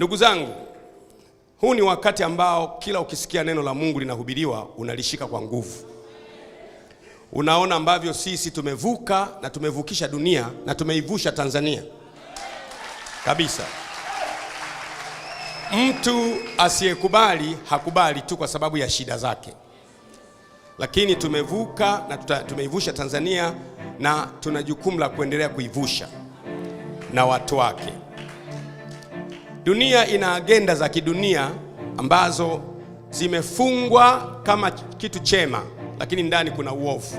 Ndugu zangu, huu ni wakati ambao kila ukisikia neno la Mungu linahubiriwa unalishika kwa nguvu. Unaona ambavyo sisi tumevuka na tumevukisha dunia na tumeivusha Tanzania kabisa. Mtu asiyekubali hakubali tu kwa sababu ya shida zake, lakini tumevuka na tumeivusha Tanzania na tuna jukumu la kuendelea kuivusha na watu wake. Dunia ina agenda za kidunia ambazo zimefungwa kama kitu chema, lakini ndani kuna uovu,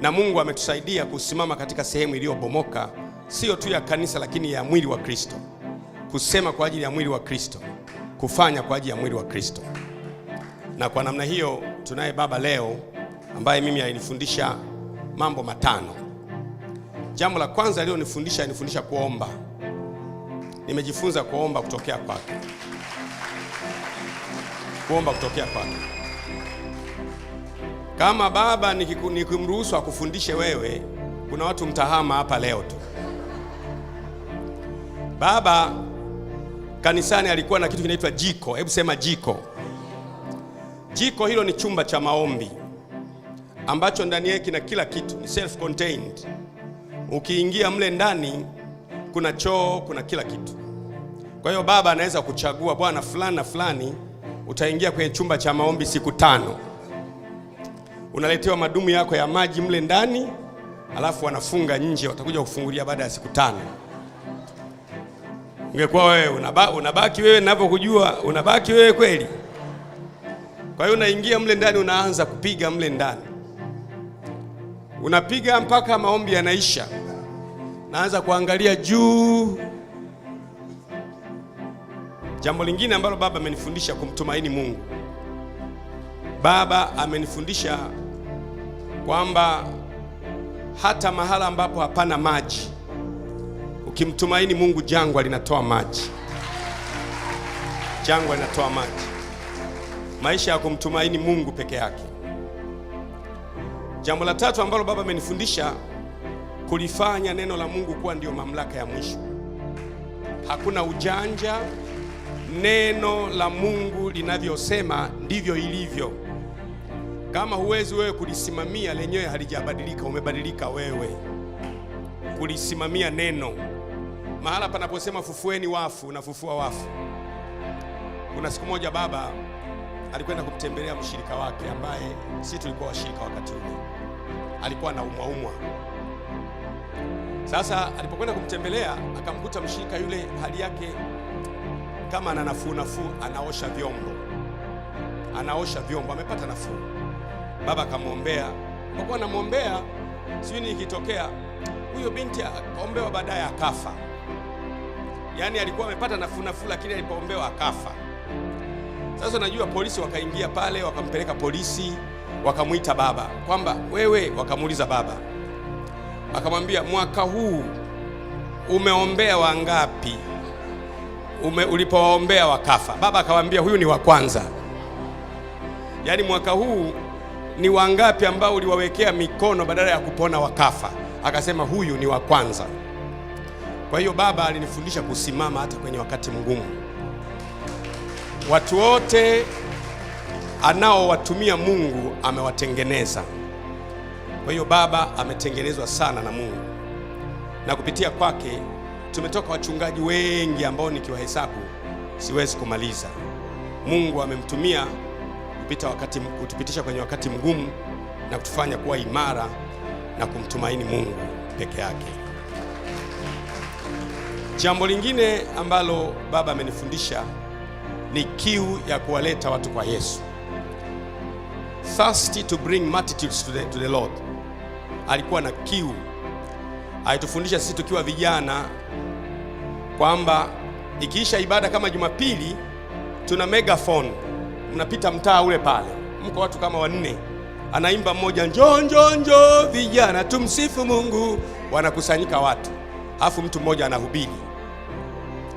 na Mungu ametusaidia kusimama katika sehemu iliyobomoka, sio tu ya kanisa, lakini ya mwili wa Kristo, kusema kwa ajili ya mwili wa Kristo, kufanya kwa ajili ya mwili wa Kristo. Na kwa namna hiyo tunaye baba leo ambaye mimi alinifundisha mambo matano. Jambo la kwanza aliyonifundisha, alinifundisha kuomba nimejifunza kuomba kutokea kwake, kuomba kutokea kwake. Kama Baba nikimruhusu akufundishe wewe, kuna watu mtahama hapa leo tu. Baba kanisani alikuwa na kitu kinaitwa jiko. Hebu sema jiko. Jiko hilo ni chumba cha maombi ambacho ndani yake kina kila kitu, ni self contained. Ukiingia mle ndani kuna choo, kuna kila kitu. Kwa hiyo baba anaweza kuchagua, bwana fulani na fulani, utaingia kwenye chumba cha maombi siku tano, unaletewa madumu yako ya maji mle ndani, alafu wanafunga nje, watakuja kufungulia baada ya siku tano. Ungekuwa wewe unaba, unabaki wewe, ninavyokujua unabaki wewe kweli. Kwa hiyo unaingia mle ndani, unaanza kupiga mle ndani, unapiga mpaka maombi yanaisha naanza kuangalia juu. Jambo lingine ambalo Baba amenifundisha kumtumaini Mungu. Baba amenifundisha kwamba hata mahala ambapo hapana maji, ukimtumaini Mungu, jangwa linatoa maji, jangwa linatoa maji. Maisha ya kumtumaini Mungu peke yake. Jambo la tatu ambalo Baba amenifundisha kulifanya neno la Mungu kuwa ndiyo mamlaka ya mwisho. Hakuna ujanja. Neno la Mungu linavyosema ndivyo ilivyo. Kama huwezi wewe kulisimamia, lenyewe halijabadilika, umebadilika wewe kulisimamia neno. Mahala panaposema fufueni wafu, unafufua wafu. Kuna siku moja baba alikwenda kumtembelea mshirika wake ambaye si tulikuwa washirika wakati ule, alikuwa anaumwaumwa sasa alipokwenda kumtembelea akamkuta mshirika yule, hali yake kama ana nafuu nafuu, anaosha vyombo, anaosha vyombo, amepata nafuu. Baba akamwombea, alipokuwa anamwombea sijui ni ikitokea, huyo binti akaombewa, baadaye akafa. Yaani alikuwa amepata nafuu nafuu, lakini alipoombewa akafa. Sasa najua polisi wakaingia pale, wakampeleka polisi, wakamwita baba kwamba wewe, wakamuuliza baba akamwambia, mwaka huu umeombea wangapi? Ume, ulipowaombea wakafa. Baba akamwambia, huyu ni wa kwanza. Yaani mwaka huu ni wangapi ambao uliwawekea mikono badala ya kupona wakafa? Akasema huyu ni wa kwanza. Kwa hiyo baba alinifundisha kusimama hata kwenye wakati mgumu. Watu wote anaowatumia Mungu amewatengeneza. Kwa hiyo baba ametengenezwa sana na Mungu, na kupitia kwake tumetoka wachungaji wengi ambao nikiwahesabu siwezi kumaliza. Mungu amemtumia kupita wakati, kutupitisha kwenye wakati mgumu na kutufanya kuwa imara na kumtumaini Mungu peke yake. Jambo lingine ambalo baba amenifundisha ni kiu ya kuwaleta watu kwa Yesu. Thirsty to bring multitudes to the, to the Lord alikuwa na kiu, alitufundisha sisi tukiwa vijana kwamba ikiisha ibada kama Jumapili, tuna megaphone, mnapita mtaa ule pale, mko watu kama wanne, anaimba mmoja, njoo njoo njoo vijana tumsifu Mungu, wanakusanyika watu, afu mtu mmoja anahubiri.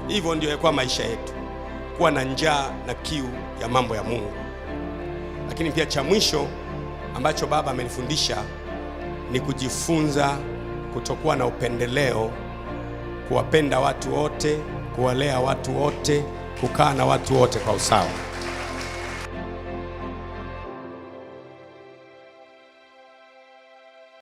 Hivyo ndio yakuwa maisha yetu, kuwa na njaa na kiu ya mambo ya Mungu. Lakini pia cha mwisho ambacho baba amenifundisha ni kujifunza kutokuwa na upendeleo, kuwapenda watu wote, kuwalea watu wote, kukaa na watu wote kwa usawa.